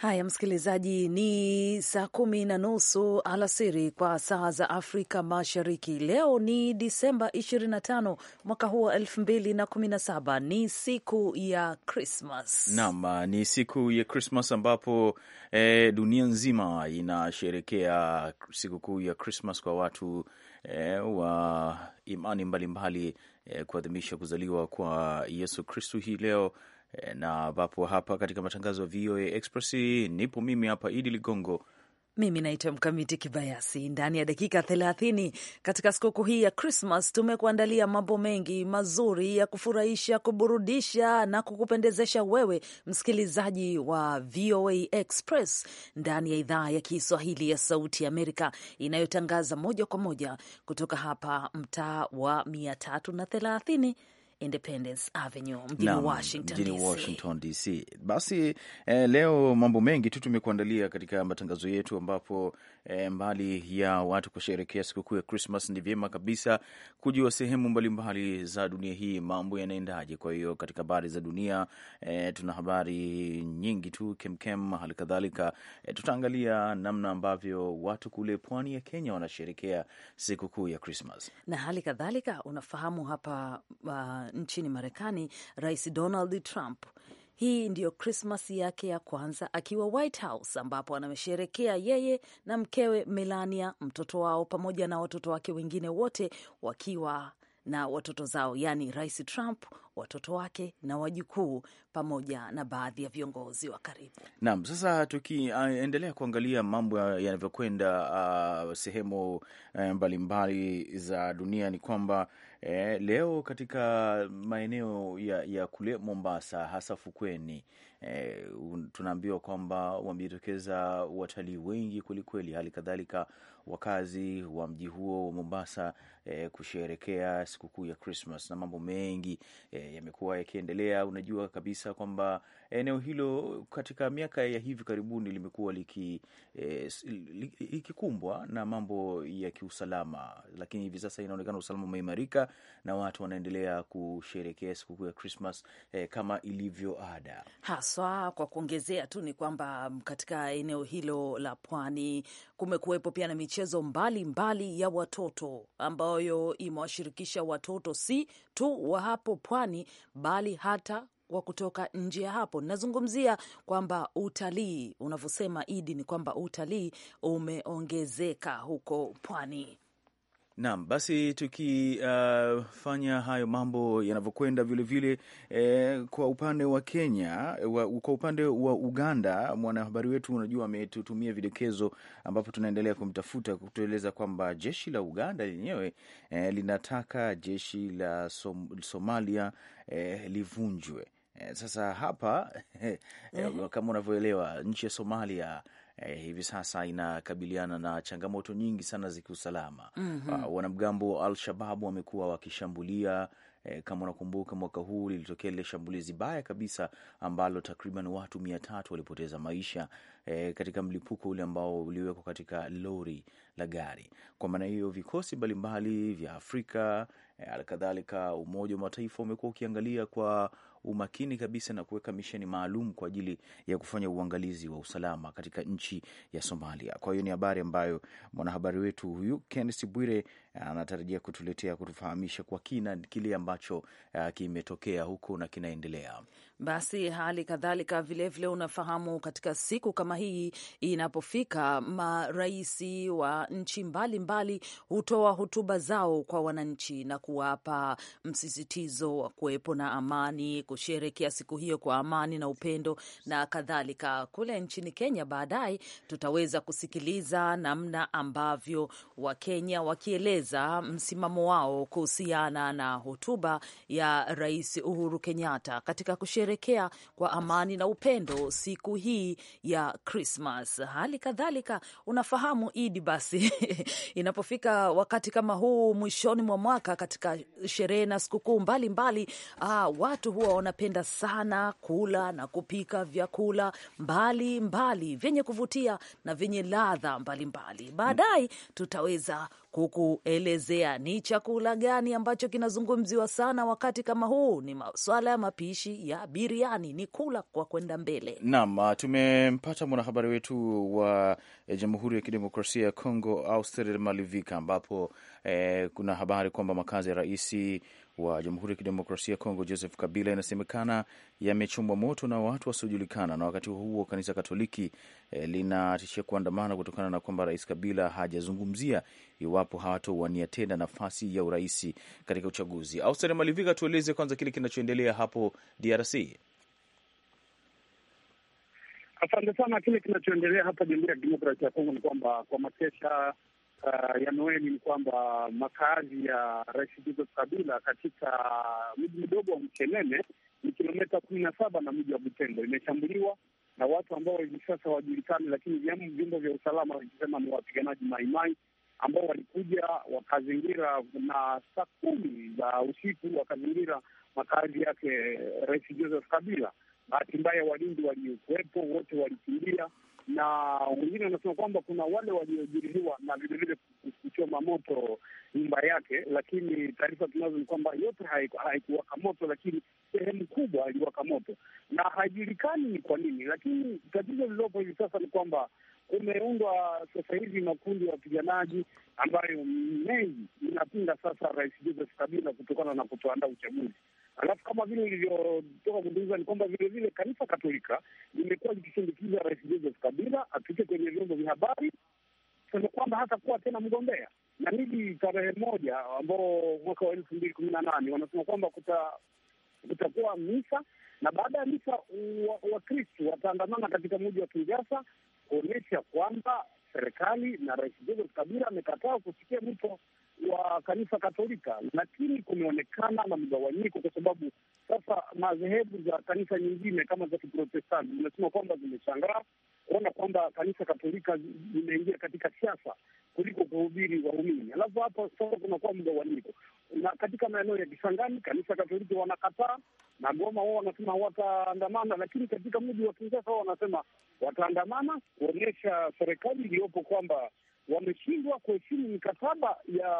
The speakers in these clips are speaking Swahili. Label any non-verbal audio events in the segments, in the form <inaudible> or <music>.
Haya, msikilizaji, ni saa kumi na nusu alasiri kwa saa za Afrika Mashariki. Leo ni Disemba 25 mwaka huu wa 2017, ni siku ya Krismas. Naam, ni siku ya Krismas ambapo e, dunia nzima inasherekea sikukuu ya Krismas kwa watu e, wa imani mbalimbali mbali, eh, kuadhimisha kuzaliwa kwa Yesu Kristu hii leo Eh, na ambapo hapa katika matangazo ya VOA Express nipo mimi hapa Idi Ligongo mimi naitwa Mkamiti Kibayasi. Ndani ya dakika thelathini katika sikukuu hii ya Krismas tumekuandalia mambo mengi mazuri ya kufurahisha, kuburudisha na kukupendezesha wewe msikilizaji wa VOA Express ndani ya idhaa ya Kiswahili ya Sauti Amerika inayotangaza moja kwa moja kutoka hapa mtaa wa mia tatu na thelathini Independence Avenue mjini Washington DC. Basi eh, leo mambo mengi tu tumekuandalia katika matangazo yetu, ambapo eh, mbali ya watu kusherekea sikukuu ya Christmas, ni vyema kabisa kujua sehemu mbalimbali za dunia hii mambo yanaendaje. Kwa hiyo katika habari za dunia eh, tuna habari nyingi tu kemkem, hali kadhalika eh, tutaangalia namna ambavyo watu kule pwani ya Kenya wanasherekea sikukuu ya Christmas na hali kadhalika unafahamu hapa uh, nchini Marekani, Rais Donald Trump. Hii ndiyo Krismas yake ya kwanza akiwa White House, ambapo anamsherekea yeye na mkewe Melania, mtoto wao, pamoja na watoto wake wengine wote wakiwa na watoto zao, yaani Rais Trump, watoto wake na wajukuu, pamoja na baadhi ya viongozi wa karibu. Naam, sasa tukiendelea kuangalia mambo yanavyokwenda uh, sehemu eh, mbalimbali uh, mbali za dunia ni kwamba E, leo katika maeneo ya, ya kule Mombasa hasa fukweni e, tunaambiwa kwamba wamejitokeza watalii wengi kwelikweli. Hali kadhalika wakazi wa mji huo wa Mombasa e, kusherekea sikukuu ya Christmas na mambo mengi e, yamekuwa yakiendelea. Unajua kabisa kwamba eneo hilo katika miaka ya hivi karibuni limekuwa liki, e, likikumbwa na mambo ya kiusalama, lakini hivi sasa inaonekana usalama umeimarika na watu wanaendelea kusherekea sikukuu ya Christmas e, kama ilivyo ada haswa. Kwa kuongezea tu ni kwamba katika eneo hilo la pwani kumekuwepo pia na michezo mbalimbali mbali ya watoto ambao ambayo imewashirikisha watoto si tu wa hapo pwani bali hata wa kutoka nje ya hapo. Nazungumzia kwamba utalii unavyosema Idi, ni kwamba utalii umeongezeka huko pwani. Naam, basi tukifanya uh, hayo mambo yanavyokwenda vilevile eh, kwa upande wa Kenya wa, kwa upande wa Uganda mwanahabari wetu unajua ametutumia vidokezo ambapo tunaendelea kumtafuta kutueleza kwamba jeshi la Uganda lenyewe eh, linataka jeshi la som, Somalia eh, livunjwe. Eh, sasa hapa <laughs> mm -hmm. Kama unavyoelewa nchi ya Somalia eh, hivi sasa inakabiliana na changamoto nyingi sana za kiusalama. mm -hmm. Uh, wanamgambo wa Al-Shababu wamekuwa wakishambulia eh, kama unakumbuka mwaka huu lilitokea lile shambulizi baya kabisa ambalo takriban watu mia tatu walipoteza maisha e, katika mlipuko ule ambao uliwekwa katika lori la gari. Kwa maana hiyo, vikosi mbalimbali vya Afrika halikadhalika e, Umoja wa Mataifa umekuwa ukiangalia kwa umakini kabisa na kuweka misheni maalum kwa ajili ya kufanya uangalizi wa usalama katika nchi ya Somalia. Kwa hiyo ni habari ambayo mwanahabari wetu huyu Kennes Bwire anatarajia kutuletea, kutufahamisha kwa kina kile ambacho uh, kimetokea huko na kinaendelea. Basi hali kadhalika vilevile, unafahamu katika siku kama hii inapofika, marais wa nchi mbalimbali hutoa hotuba zao kwa wananchi na kuwapa msisitizo wa kuwepo na amani, kusherekea siku hiyo kwa amani na upendo na kadhalika. Kule nchini Kenya baadaye tutaweza kusikiliza namna ambavyo Wakenya wakieleza msimamo wao kuhusiana na hotuba ya Rais Uhuru Kenyatta katika kushere kusherekea kwa amani na upendo siku hii ya Krismas. Hali kadhalika unafahamu Idi, basi <laughs> inapofika wakati kama huu mwishoni mwa mwaka, katika sherehe na sikukuu mbalimbali, ah, watu huwa wanapenda sana kula na kupika vyakula mbalimbali vyenye kuvutia na vyenye ladha mbalimbali. Baadaye tutaweza kukuelezea ni chakula gani ambacho kinazungumziwa sana wakati kama huu. Ni maswala ya mapishi ya biriani, ni kula kwa kwenda mbele. Naam, ah, tumempata mwanahabari wetu wa eh, Jamhuri ya Kidemokrasia ya Kongo, Auster Malivika, ambapo eh, kuna habari kwamba makazi ya raisi wa Jamhuri ya Kidemokrasia ya Kongo Joseph Kabila inasemekana yamechomwa moto na watu wasiojulikana, na wakati huo kanisa Katoliki eh, linatishia kuandamana kutokana na kwamba Rais Kabila hajazungumzia iwapo hawatowania tena nafasi ya uraisi katika uchaguzi. Austere Malivika, tueleze kwanza kile kinachoendelea hapo DRC. Asante sana. Kile kinachoendelea hapa Jamhuri ya Kidemokrasia ya Kongo ni kwamba kwa makesha uh, ya Noeli ni kwamba makazi ya Rais Joseph Kabila katika mji mdogo wa Mchelele ni kilometa kumi na saba na mji wa Butembo imeshambuliwa na watu ambao hivi sasa wajulikani lakini vyombo vya usalama vikisema ni wapiganaji Maimai ambao walikuja wakazingira na saa kumi za usiku wakazingira makazi yake Rais Joseph Kabila. Bahati mbaya walinzi waliokuwepo wote walikimbia na wengine wanasema kwamba kuna wale waliojeruhiwa na vilevile kuchoma moto nyumba yake, lakini taarifa tunazo ni kwamba yote haikuwaka moto, lakini sehemu kubwa iliwaka moto na haijulikani ni kwa nini. Lakini tatizo lililopo hivi sasa ni kwamba kumeundwa sasa hivi makundi ya wapiganaji ambayo mengi inapinga sasa Rais Joseph Kabila kutokana na kutoandaa uchaguzi. Alafu kama vile ilivyotoka kuzungumza ni kwamba vilevile kanisa Katolika limekuwa likishindikiza Rais Joseph Kabila apite kwenye vyombo vya habari kusema kwamba hatakuwa tena mgombea, na hili tarehe moja ambao mwaka wa elfu mbili kumi na nane wanasema kwamba kutakuwa misa na baada ya misa Wakristu wa wataandamana katika mji wa kinjasa kuonyesha kwamba serikali na Rais Joseph Kabila amekataa kusikia mwito wa kanisa Katolika, lakini kumeonekana na mgawanyiko, kwa sababu sasa madhehebu za kanisa nyingine kama za Kiprotestanti zimesema kwamba zimeshangaa kuona kwamba kanisa Katolika zimeingia katika siasa kuliko kuhubiri waumini. Alafu hapa sasa kunakuwa mgawanyiko, na katika maeneo ya Kisangani kanisa Katoliki wanakataa, na Goma wao wanasema hawataandamana, lakini katika mji wa Kinshasa wao wanasema wataandamana kuonyesha serikali iliyopo kwamba wameshindwa kuheshimu mikataba ya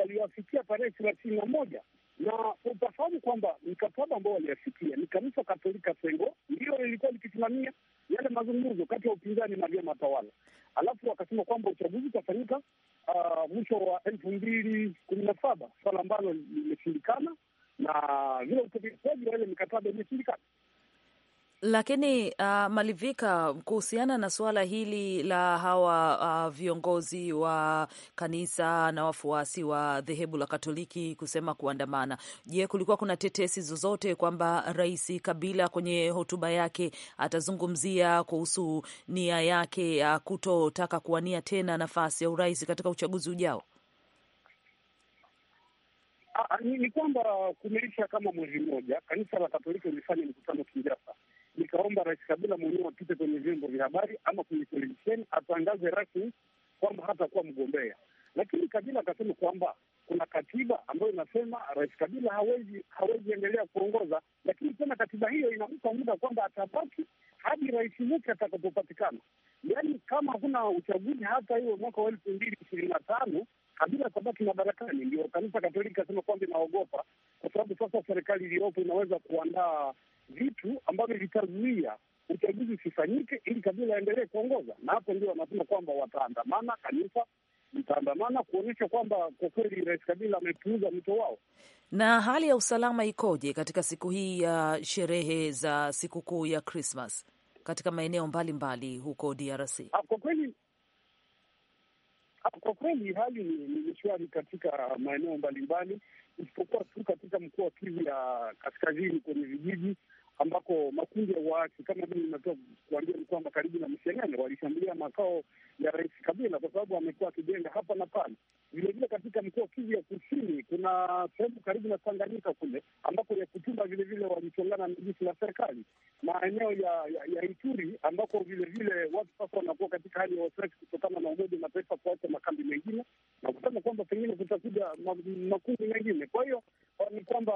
walioafikia tarehe thelathini na moja na utafahamu kwamba mkataba ambao waliafikia ni kanisa Katolika Sengo ndiyo lilikuwa likisimamia yale mazungumzo kati ya upinzani na vyama tawala, alafu wakasema kwamba uchaguzi utafanyika uh, mwisho wa elfu mbili kumi na saba, swala ambalo limeshindikana na vile utekelezaji wa ile mikataba imeshindikana. Lakini uh, Malivika, kuhusiana na suala hili la hawa uh, viongozi wa kanisa na wafuasi wa dhehebu la Katoliki kusema kuandamana, je, kulikuwa kuna tetesi zozote kwamba Rais Kabila kwenye hotuba yake atazungumzia kuhusu nia yake ya uh, kutotaka kuwania tena nafasi ya urais katika uchaguzi ujao? Ah, ni kwamba kumeisha kama mwezi mmoja, kanisa la Katoliki lilifanya mkutano Kinshasa nikaomba Rais Kabila mwenyewe apite kwenye vyombo vya habari ama kwenye televisheni atangaze rasmi kwamba hatakuwa mgombea, lakini Kabila akasema kwamba kuna katiba ambayo inasema Rais Kabila hawezi hawezi endelea kuongoza, lakini tena katiba hiyo inampa muda kwamba atabaki hadi rais mpya atakapopatikana. Yaani, kama hakuna uchaguzi hata hiyo mwaka wa elfu mbili ishirini na tano Kabila atabaki madarakani. Ndio kanisa Katoliki asema kwamba inaogopa, kwa sababu sasa serikali iliyopo inaweza kuandaa vitu ambavyo vitazuia uchaguzi usifanyike ili Kabila aendelee kuongoza. Na hapo ndio wanasema kwamba wataandamana, kanisa litaandamana kuonyesha kwamba kwa kweli Rais Kabila amepuuza mwito wao. Na hali ya usalama ikoje katika siku hii ya sherehe za sikukuu ya Krismas katika maeneo mbalimbali huko DRC? Ah, kwa kweli ah, kwa kweli hali ni mishwari katika maeneo mbalimbali, isipokuwa tu katika mkoa wa Kivu ya kaskazini kwenye vijiji wake kama vile nimetoa kuambia ni kwamba karibu na mshenene walishambulia makao ya Rais Kabila kwa sababu amekuwa akijenga hapa na pale. Vilevile katika mkoa Kivu ya Kusini kuna sehemu karibu na Tanganyika kule ambako ya Kutumba vilevile walichongana na jeshi la serikali, maeneo ya, ya, ya Ituri ambako vilevile watu sasa wanakuwa katika hali ya wasiwasi kutokana na Umoja Mataifa kuacha makambi mengine na kusema kwamba pengine kutakuja makundi mengine. Kwa hiyo ni kwamba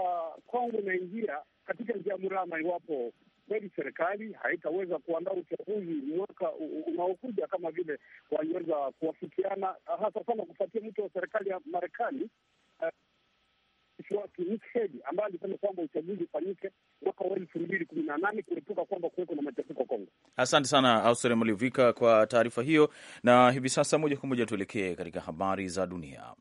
Kongo inaingia katika njia mrama iwapo kweli serikali haitaweza kuandaa uchaguzi mwaka unaokuja kama vile waliweza kuwafikiana, hasa sana kufuatia mtu wa serikali ya Marekani wake eh, ambaye alisema kwamba uchaguzi ufanyike mwaka wa elfu mbili kumi na nane kuepuka kwamba kuweko na machafuko Kongo. Asante sana Austere Malivika kwa taarifa hiyo, na hivi sasa moja kwa moja tuelekee katika habari za dunia.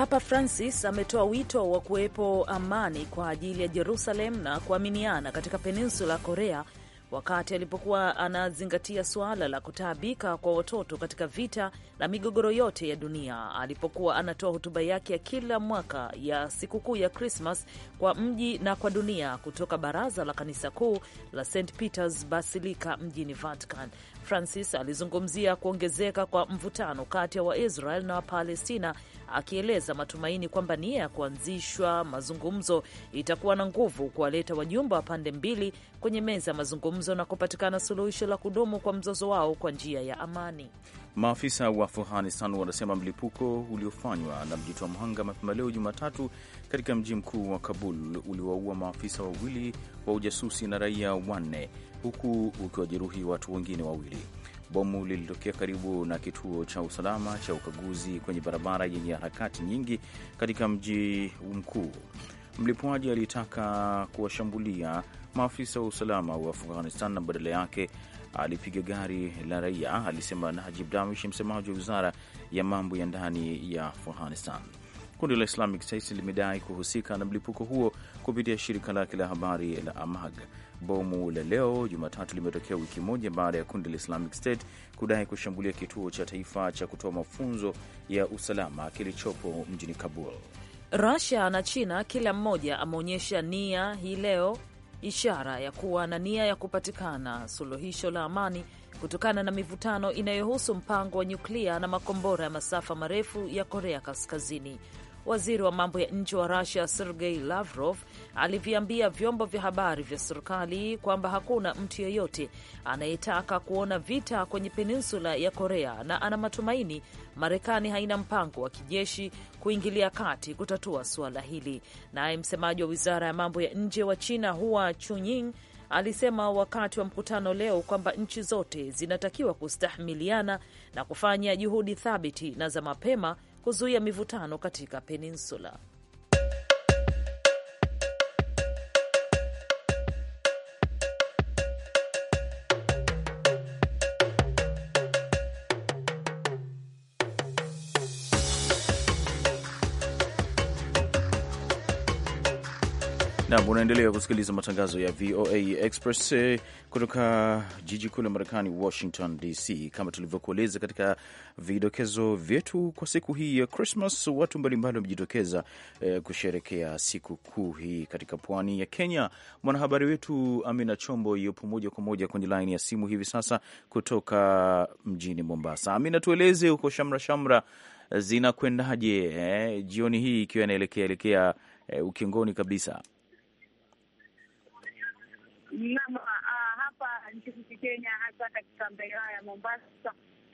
Papa Francis ametoa wito wa kuwepo amani kwa ajili ya Jerusalem na kuaminiana katika peninsula ya Korea wakati alipokuwa anazingatia suala la kutaabika kwa watoto katika vita na migogoro yote ya dunia alipokuwa anatoa hotuba yake ya kila mwaka ya sikukuu ya Krismas kwa mji na kwa dunia kutoka baraza la kanisa kuu la St Peters Basilica mjini Vatican. Francis alizungumzia kuongezeka kwa mvutano kati ya Waisrael na Wapalestina, akieleza matumaini kwamba nia ya kuanzishwa mazungumzo itakuwa na nguvu kuwaleta wajumbe wa pande mbili kwenye meza ya mazungumzo na kupatikana suluhisho la kudumu kwa mzozo wao kwa njia ya amani. Maafisa wa Afghanistan wanasema mlipuko uliofanywa na mjitoa mhanga mapema leo Jumatatu katika mji mkuu wa Kabul uliwaua maafisa wawili wa ujasusi na raia wanne huku ukiwajeruhi watu wengine wawili. Bomu lilitokea karibu na kituo cha usalama cha ukaguzi kwenye barabara yenye harakati nyingi katika mji mkuu. Mlipuaji alitaka kuwashambulia maafisa wa usalama wa Afghanistan na badala yake alipiga gari la raia, alisema Najib damish msemaji wa wizara ya mambo ya ndani ya Afghanistan. Kundi la Islamic State limedai kuhusika na mlipuko huo kupitia shirika lake la habari la Amag. Bomu la leo Jumatatu limetokea wiki moja baada ya kundi la Islamic State kudai kushambulia kituo cha taifa cha kutoa mafunzo ya usalama kilichopo mjini Kabul. Rusia na China kila mmoja ameonyesha nia hii leo, ishara ya kuwa na nia ya kupatikana suluhisho la amani kutokana na mivutano inayohusu mpango wa nyuklia na makombora ya masafa marefu ya Korea Kaskazini. Waziri wa mambo ya nje wa Rusia Sergei Lavrov aliviambia vyombo vya habari vya serikali kwamba hakuna mtu yeyote anayetaka kuona vita kwenye peninsula ya Korea na ana matumaini Marekani haina mpango wa kijeshi kuingilia kati kutatua suala hili. Naye msemaji wa wizara ya mambo ya nje wa China Hua Chunying alisema wakati wa mkutano leo kwamba nchi zote zinatakiwa kustahimiliana na kufanya juhudi thabiti na za mapema kuzuia mivutano katika peninsula. Nam, unaendelea kusikiliza matangazo ya VOA Express eh, kutoka jiji kuu la Marekani, Washington DC. Kama tulivyokueleza katika vidokezo vyetu kwa siku hii ya Christmas, watu mbalimbali wamejitokeza eh, kusherekea siku kuu hii katika pwani ya Kenya. Mwanahabari wetu Amina Chombo yupo moja kwa moja kwenye laini ya simu hivi sasa kutoka mjini Mombasa. Amina, tueleze huko shamra shamra zinakwendaje eh, jioni hii ikiwa inaelekea elekea eh, ukingoni kabisa? Naam, ah, hapa nchini Kenya, hasa katika maeneo ya Mombasa,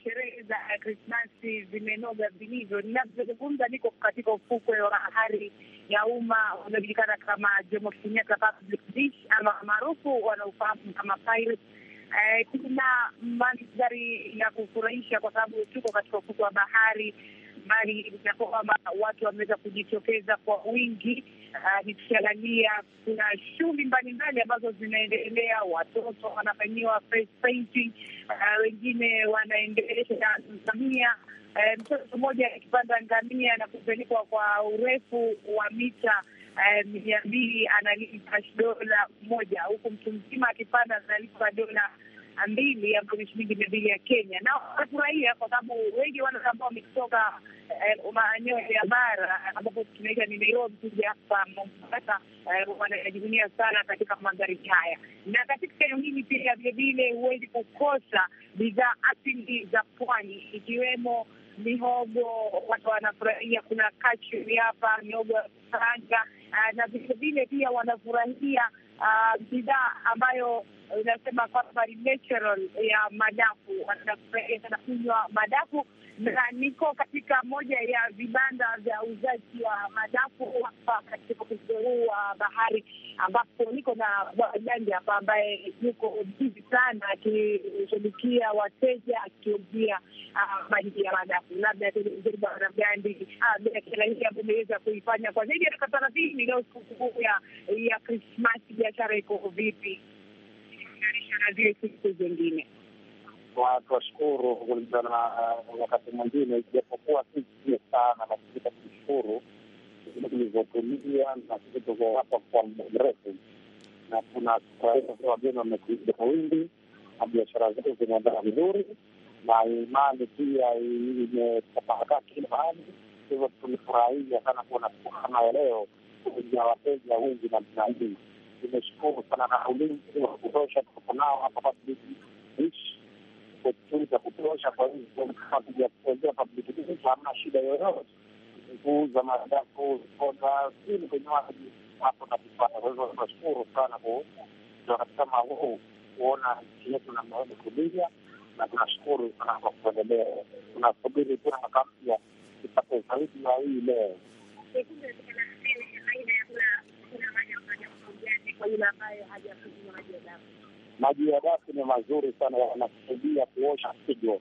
sherehe za Krismasi zimenoga vilivyo. Ninavyozungumza niko katika ufukwe wa bahari ya umma unaojulikana kama Jomo Kenyatta Public Beach ama maarufu wanaofahamu kama Pirates. Kuna eh, mandhari ya kufurahisha kwa sababu tuko katika ufukwe wa bahari bali ya kwamba watu wameweza kujitokeza kwa wingi. Uh, nikiangalia kuna shughuli mbalimbali ambazo zinaendelea, watoto wanafanyiwa face painting, ah, wengine wanaendesha ngamia eh, mtoto mmoja akipanda ngamia na kupelekwa kwa urefu wa mita eh, mia mbili analipa dola moja huku mtu mzima akipanda analipa dola mbili ambayo ni shilingi mia mbili ya Kenya, na wanafurahia kwa sababu wengi wale ambao wametoka eh, maeneo ya bara ambapo tunaita ni Nairobi kuja hapa Mombasa eh, wanajivunia sana katika mandhari haya, na katika eneo hili pia vilevile huwezi kukosa bidhaa asili za pwani ikiwemo mihogo. Watu wanafurahia, kuna kachuri hapa, mihogo ya kukaranga, eh, na vilevile pia wanafurahia ah, bidhaa ambayo unasema kwamba natural ya madafu, wanakunywa madafu, na niko katika moja ya vibanda vya uuzaji wa madafu hapa katika ukingo huu wa bahari, ambapo niko na bwana Janja hapa ambaye yuko bizi sana akishughulikia wateja, akiuzia ah, maji ya madafu. Labda bwana Gandi, ah, biashara hii imeweza kuifanya kwa zaidi ya miaka thelathini. Leo sikukuu ya Krismasi, biashara iko vipi? biashara zile siku zingine. Twashukuru kulingana na wakati mwingine, ijapokuwa si sana, lakini tunashukuru tulivyotulia na hapa kwa muda mrefu, na kuna wageni wamekuja kwa wingi na biashara zetu zinaendelea vizuri, na imani pia imetapakaa kila mahali. Hivyo tumefurahia sana kuona siku kama ya leo kuja wateja wengi namna hii nimeshukuru sana na ulinzi wa kutosha tuko nao hapa public beach, opportunity za kutosha. Kwa hivyo kama tujakuelea public beach, hamna shida yoyote kuuza madafu soda, kwenye vinywaji hapo na kupata. Kwa hivyo tunashukuru sana wakati katika mahuu kuona nchi yetu na namnaweza kulia na tunashukuru sana kwa kuendelea. Tunasubiri tena mwaka mpya tupate zaidi ya hii leo. kwa yule ambaye maji ya dafu. Maji ya dafu ni mazuri sana, yanasaidia kuosha figo,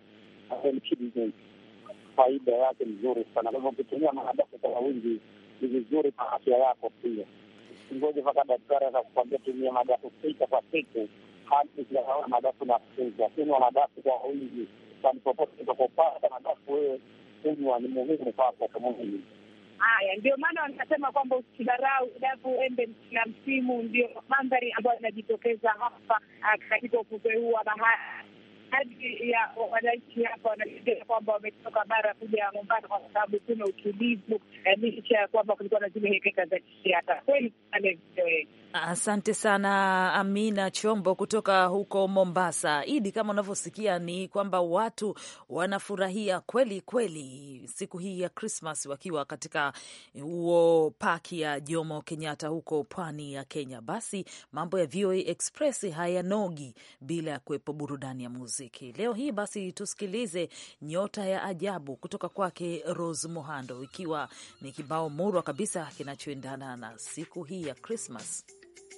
faida yake nzuri sana. Kwa hivyo ukitumia maadafu kwa wingi ni vizuri kwa afya yako pia. Ngoja mpaka daktari atakuambia tumia madafu sita kwa siku hadi siaona madafu na kuza. lakini madafu kwa wingi, kwani popote utakopata madafu wewe kunywa ni muhimu kwako mwili. Haya ndio maana wanasema kwamba usidharau dabu embe na msimu. Ndio mandhari ambayo inajitokeza hapa ah, katika ufukwe huu wa bahari. hadi ya wananchi hapa wanaelezea kwamba wametoka bara kuja ya Mombasa kwa sababu kuna utulivu, eh, licha ya kwamba kulikuwa na zile hekeka za kisiasa kweli. Eh, Asante sana Amina Chombo kutoka huko Mombasa. Idi, kama unavyosikia ni kwamba watu wanafurahia kweli kweli siku hii ya Krismas wakiwa katika huo paki ya Jomo Kenyatta huko pwani ya Kenya. Basi mambo ya VOA Express hayanogi bila ya kuwepo burudani ya muziki leo hii. Basi tusikilize nyota ya ajabu kutoka kwake Rose Muhando, ikiwa ni kibao murwa kabisa kinachoendana na siku hii ya Krismas.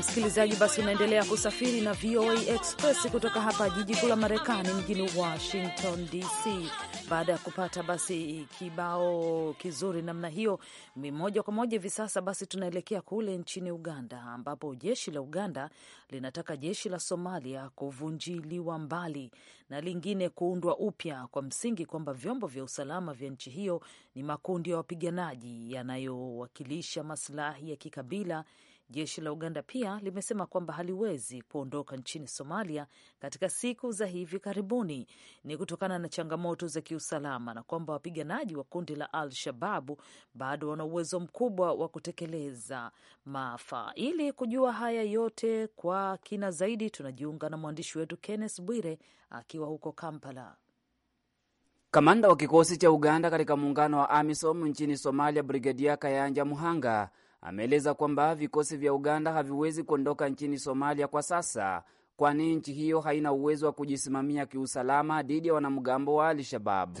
msikilizaji, basi unaendelea kusafiri na VOA Express kutoka hapa jiji kuu la Marekani, mjini Washington DC. Baada ya kupata basi kibao kizuri namna hiyo, moja kwa moja hivi sasa basi tunaelekea kule nchini Uganda, ambapo jeshi la Uganda linataka jeshi la Somalia kuvunjiliwa mbali na lingine kuundwa upya kwa msingi kwamba vyombo vya usalama vya nchi hiyo ni makundi ya wapiganaji yanayowakilisha masilahi ya kikabila Jeshi la Uganda pia limesema kwamba haliwezi kuondoka nchini Somalia katika siku za hivi karibuni, ni kutokana na changamoto za kiusalama na kwamba wapiganaji wa kundi la Al Shababu bado wana uwezo mkubwa wa kutekeleza maafa. Ili kujua haya yote kwa kina zaidi, tunajiunga na mwandishi wetu Kenneth Bwire akiwa huko Kampala. Kamanda wa kikosi cha Uganda katika muungano wa AMISOM nchini Somalia, Brigedia Kayanja Muhanga ameeleza kwamba vikosi vya Uganda haviwezi kuondoka nchini Somalia kwa sasa kwani nchi hiyo haina uwezo wa kujisimamia kiusalama dhidi ya wanamgambo wa Al-Shabab.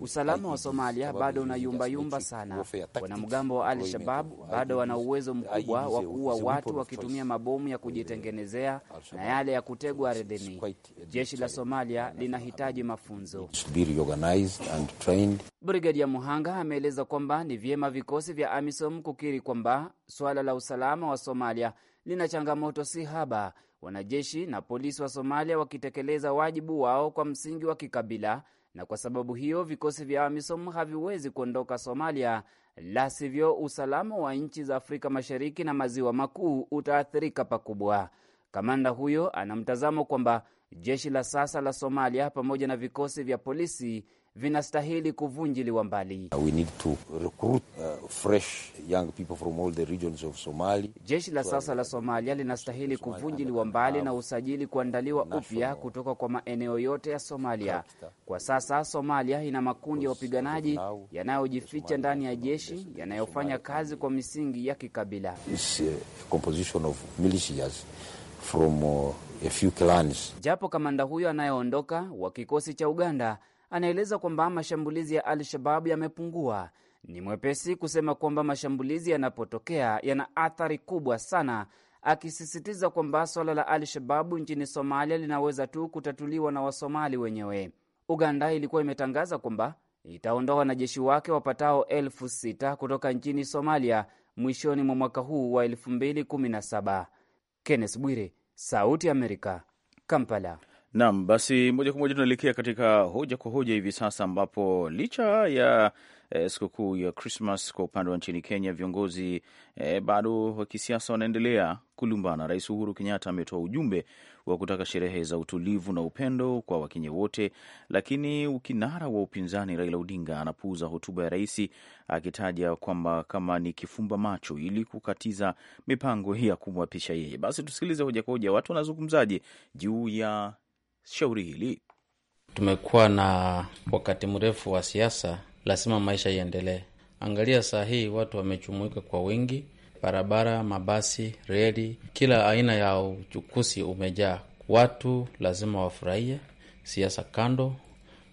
Usalama wa Somalia bado unayumbayumba sana. Wanamgambo wa Al-Shabab bado wana uwezo mkubwa wa kuua watu wakitumia mabomu ya kujitengenezea na yale ya kutegwa ardhini. Jeshi la Somalia linahitaji mafunzo. Brigedia Muhanga ameeleza kwamba ni vyema vikosi vya AMISOM kukiri kwamba suala la usalama wa Somalia lina changamoto si haba, wanajeshi na polisi wa Somalia wakitekeleza wajibu wao kwa msingi wa kikabila, na kwa sababu hiyo vikosi vya AMISOM haviwezi kuondoka Somalia, la sivyo usalama wa nchi za Afrika Mashariki na Maziwa Makuu utaathirika pakubwa. Kamanda huyo ana mtazamo kwamba jeshi la sasa la Somalia pamoja na vikosi vya polisi vinastahili kuvunjiliwa mbali. Uh, jeshi la sasa la Somalia linastahili kuvunjiliwa mbali na usajili kuandaliwa upya kutoka kwa maeneo yote ya Somalia. Kwa sasa Somalia ina makundi ya wapiganaji yanayojificha ndani ya jeshi yanayofanya kazi kwa misingi ya kikabila. Uh, Japo kamanda huyo anayeondoka wa kikosi cha Uganda anaeleza kwamba mashambulizi ya al shabab yamepungua. Ni mwepesi kusema kwamba mashambulizi yanapotokea yana athari kubwa sana, akisisitiza kwamba swala la Al-Shababu nchini Somalia linaweza tu kutatuliwa na Wasomali wenyewe. Uganda ilikuwa imetangaza kwamba itaondoa wanajeshi wake wapatao elfu sita kutoka nchini Somalia mwishoni mwa mwaka huu wa 2017. Kenneth Bwire, Sauti ya Amerika, Kampala. Naam, basi moja kwa moja tunaelekea katika hoja kwa hoja hivi sasa, ambapo licha ya eh, sikukuu ya crismas kwa upande wa nchini Kenya, viongozi eh, bado wa kisiasa wanaendelea kulumbana. Rais Uhuru Kenyatta ametoa ujumbe wa kutaka sherehe za utulivu na upendo kwa Wakenya wote, lakini ukinara wa upinzani Raila Odinga anapuuza hotuba ya rais, akitaja kwamba kama ni kifumba macho ili kukatiza mipango ya kumwapisha yeye. Basi tusikilize hoja kwa hoja, watu wanazungumzaje juu ya shauri hili? Tumekuwa na wakati mrefu wa siasa, lazima maisha iendelee. Angalia saa hii watu wamechumuika kwa wingi, barabara, mabasi, reli, kila aina ya uchukuzi umejaa watu. Lazima wafurahie siasa kando.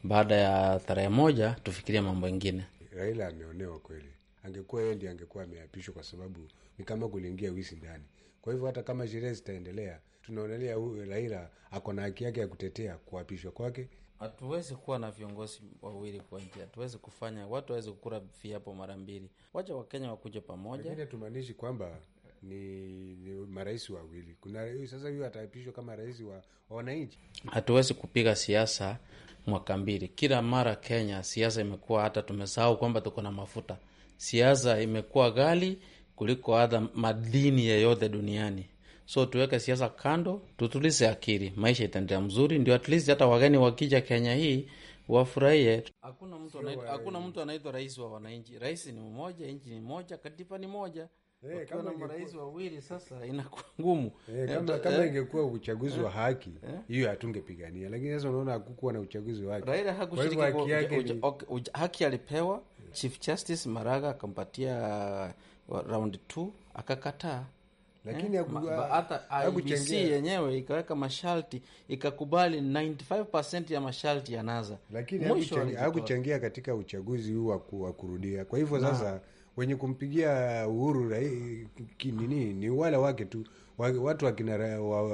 Baada ya tarehe moja tufikirie mambo ingine. Raila ameonewa kweli, angekuwa yeye ndiye angekuwa ameapishwa, kwa sababu ni kama kuliingia wisi ndani. Kwa hivyo hata kama sherehe zitaendelea tunaonelea huyu Raila ako na haki yake ya kutetea kuapishwa kwake. Hatuwezi kuwa na viongozi wawili kwa nchi, hatuwezi kufanya watu waweze kukura viapo mara mbili. Wacha Wakenya wakuja pamoja, lakini tumaanishi kwamba ni, ni marais wawili. Kuna sasa huyu ataapishwa kama rais wa wananchi. Hatuwezi kupiga siasa mwaka mbili kila mara. Kenya siasa imekuwa hata tumesahau kwamba tuko na mafuta. Siasa imekuwa ghali kuliko hata madini yeyote duniani. So tuweke siasa kando, tutulize akili, maisha itaendelea mzuri, ndio at least hata wageni wakija Kenya hii wafurahie. Hakuna mtu anaitwa, hakuna mtu anaitwa rais wa wananchi. Rais ni mmoja, nchi ni moja, katiba ni moja. Hey, eh, kama na marais wawili sasa inakuwa ngumu. Hey, eh, kama, eh, kama ingekuwa uchaguzi wa haki hiyo hatungepigania, lakini sasa unaona hakukuwa na uchaguzi wa haki. Raila hakushiriki haki, haki alipewa. Chief Justice Maraga akampatia uh, round 2 akakataa lakini eh, hata IBC yenyewe ikaweka masharti ikakubali 95% ya masharti ya NASA, lakini hakuchangia katika uchaguzi huu wa kurudia. Kwa hivyo sasa wenye kumpigia Uhuru nini ni wale wake tu, watu wakina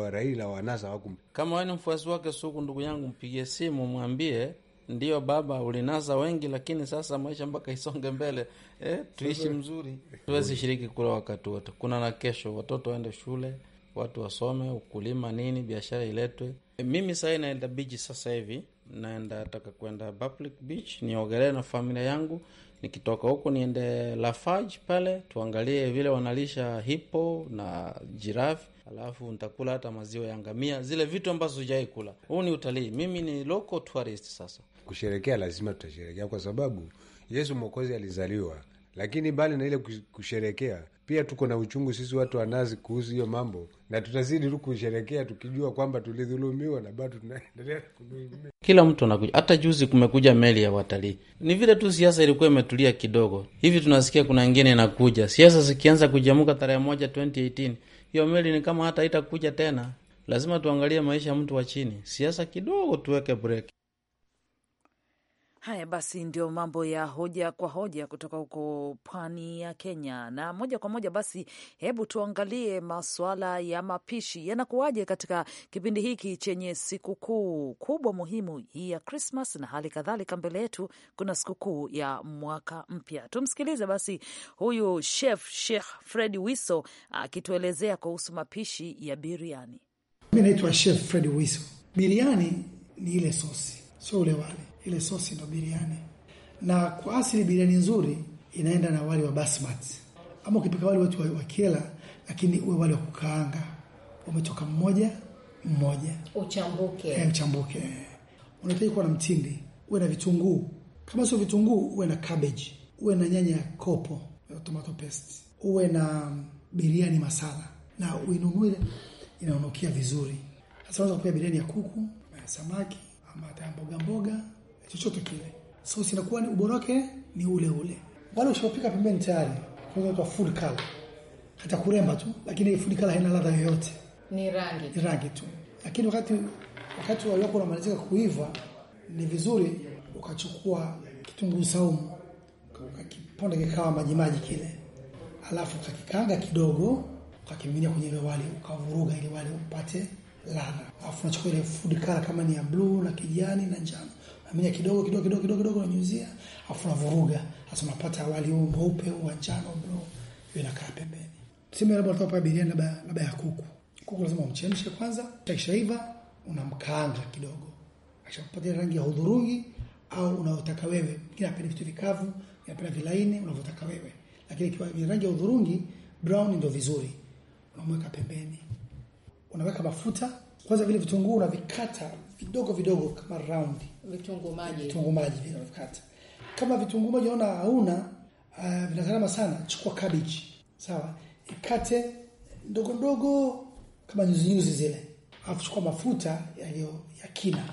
Raila wa, wa NASA wakum. Kama wewe ni mfuasi wake suku, ndugu yangu, mpigie simu mwambie ndio baba, ulinaza wengi, lakini sasa maisha mpaka isonge mbele eh, tuishi mzuri, tuwezi shiriki kula wakati wote. Kuna na kesho, watoto waende shule, watu wasome, ukulima nini, biashara iletwe. E, mimi sahi naenda bichi sasa hivi, naenda taka kwenda public beach niogelee na familia yangu. Nikitoka huku niende lafaj pale tuangalie vile wanalisha hipo na jiraf alafu ntakula hata maziwa ya ngamia, zile vitu ambazo sijawai kula. Huu ni utalii, mimi ni local tourist sasa kusherekea lazima tutasherekea, kwa sababu Yesu Mwokozi alizaliwa. Lakini mbali na ile kusherekea, pia tuko na uchungu sisi watu wa Nazi kuhusu hiyo mambo, na tutazidi tu kusherekea tukijua kwamba tulidhulumiwa na bado tunaendelea <laughs> kudhulumiwa. Kila mtu anakuja. Hata juzi kumekuja meli ya watalii, ni vile tu siasa ilikuwa imetulia kidogo hivi, tunasikia kuna ingine inakuja. Siasa zikianza kujamuka tarehe moja 2018 hiyo meli ni kama hata itakuja tena. Lazima tuangalie maisha ya mtu wa chini, siasa kidogo tuweke breki. Haya basi, ndio mambo ya hoja kwa hoja kutoka huko pwani ya Kenya. Na moja kwa moja basi, hebu tuangalie masuala ya mapishi yanakuwaje katika kipindi hiki chenye sikukuu kubwa muhimu hii ya Krismas, na hali kadhalika mbele yetu kuna sikukuu ya mwaka mpya. Tumsikilize basi huyu chef Sheikh Fredi Wiso akituelezea kuhusu mapishi ya biriani. Mi naitwa Chef Fred Wiso. Biriani ni ile sosi, sio ule wali ile sosi ndo biriani, na kwa asili biriani nzuri inaenda na wali wa basmati, ama ukipika wali watu wa kiela, lakini uwe wali wa kukaanga umetoka mmoja mmoja, uchambuke eh, uchambuke. Unahitaji kuwa na mtindi, uwe na vitunguu, kama sio vitunguu uwe na cabbage, uwe na nyanya ya kopo, tomato paste, uwe na mm, biriani masala na uinunue inaonukia vizuri. Sasa unaweza kupika biriani ya kuku na samaki ama hata mboga mboga chochote kile. Sauce inakuwa ni ubora wake ni ule ule. Wala ushopika pembeni tayari. Kwanza kwa full color. Hata kuremba tu, lakini full color haina ladha yoyote. Ni rangi. Ni rangi tu. Lakini wakati wakati wa walioko unamalizika kuiva ni vizuri ukachukua kitunguu saumu ukakiponda kikawa maji maji kile, alafu ukakikanga kidogo, ukakiminia kwenye ile wali, ukavuruga ile wali upate ladha, alafu unachukua ile food color kama ni ya blue na kijani na njano, Amenya kidogo kidogo kidogo kidogo kidogo unanyunyizia, afu unavuruga. Sasa unapata wali huu mweupe wa njano bro. Hiyo inakaa pembeni. Sema labda utapa biriani labda labda ya kuku. Kuku lazima umchemshe kwanza, takishaiva unamkaanga kidogo. Akishapata rangi ya hudhurungi au unaotaka wewe. Kila pende vitu vikavu, inapenda vilaini unavyotaka wewe. Lakini ikiwa ni rangi ya hudhurungi, brown ndio vizuri. Unamweka pembeni. Unaweka mafuta kwanza, vile vitunguu unavikata vidogo vidogo kama round vitunguu maji, vitunguu maji vile unakata Kama vitunguu maji unaona hauna uh, vinasalama sana, chukua cabbage, sawa, ikate ndogo ndogo kama nyuzi nyuzi zile, afu chukua mafuta yaliyo ya kina,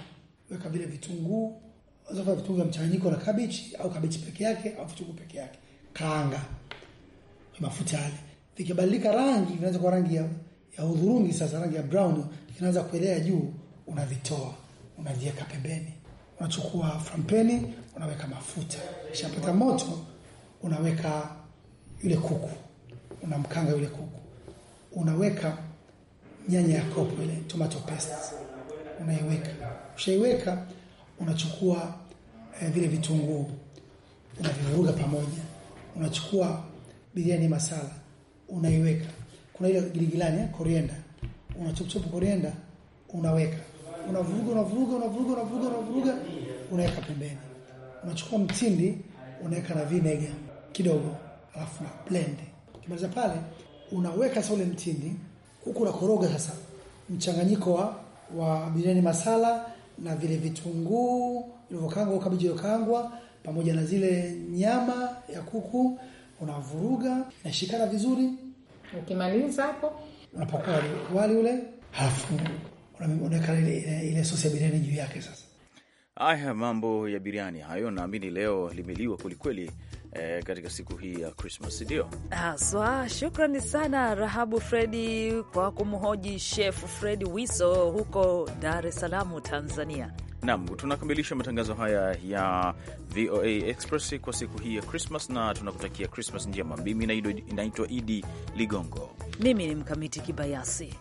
weka vile vitunguu, unaweza kwa vitunguu mchanganyiko na cabbage au cabbage peke yake au vitunguu peke yake, kaanga kwa mafuta yale, vikibadilika rangi, vinaanza kwa rangi ya, ya hudhurungi, sasa rangi ya brown, kinaanza kuelea juu unavitoa, unavieka pembeni, unachukua frampeni, unaweka mafuta, shapata moto, unaweka yule kuku, unamkanga yule kuku, unaweka nyanya ya kopo ile tomato paste unaiweka, ushaiweka, unachukua eh, vile vitunguu unavivuruga pamoja, unachukua biriani masala unaiweka, kuna ile giligilani ya eh, korienda, unachupuchupu korienda unaweka unavuruga unavuruga unavuruga unavuruga unavuruga unaweka pembeni unachukua mtindi unaweka na vinega kidogo alafu na blend kimaliza pale unaweka sasa ule mtindi huku unakoroga sasa mchanganyiko wa, wa biriani masala na vile vitunguu vilivyokangwa kabiji iliyokangwa pamoja na zile nyama ya kuku unavuruga nashikana vizuri ukimaliza hapo unapakua wali ule halafu unaweka ile, ile sosi ya biriani juu yake. Sasa haya mambo ya biriani hayo, naamini leo limeliwa kwelikweli. Eh, katika siku hii ya Krismas ndio haswa. Shukrani sana Rahabu Fredi kwa kumhoji Shefu Fredi Wiso huko Dar es Salaam, Tanzania. Nam, tunakamilisha matangazo haya ya VOA Express kwa siku hii ya Krismas na tunakutakia Krismas njema. Mimi inaitwa Idi Ligongo, mimi ni Mkamiti Kibayasi.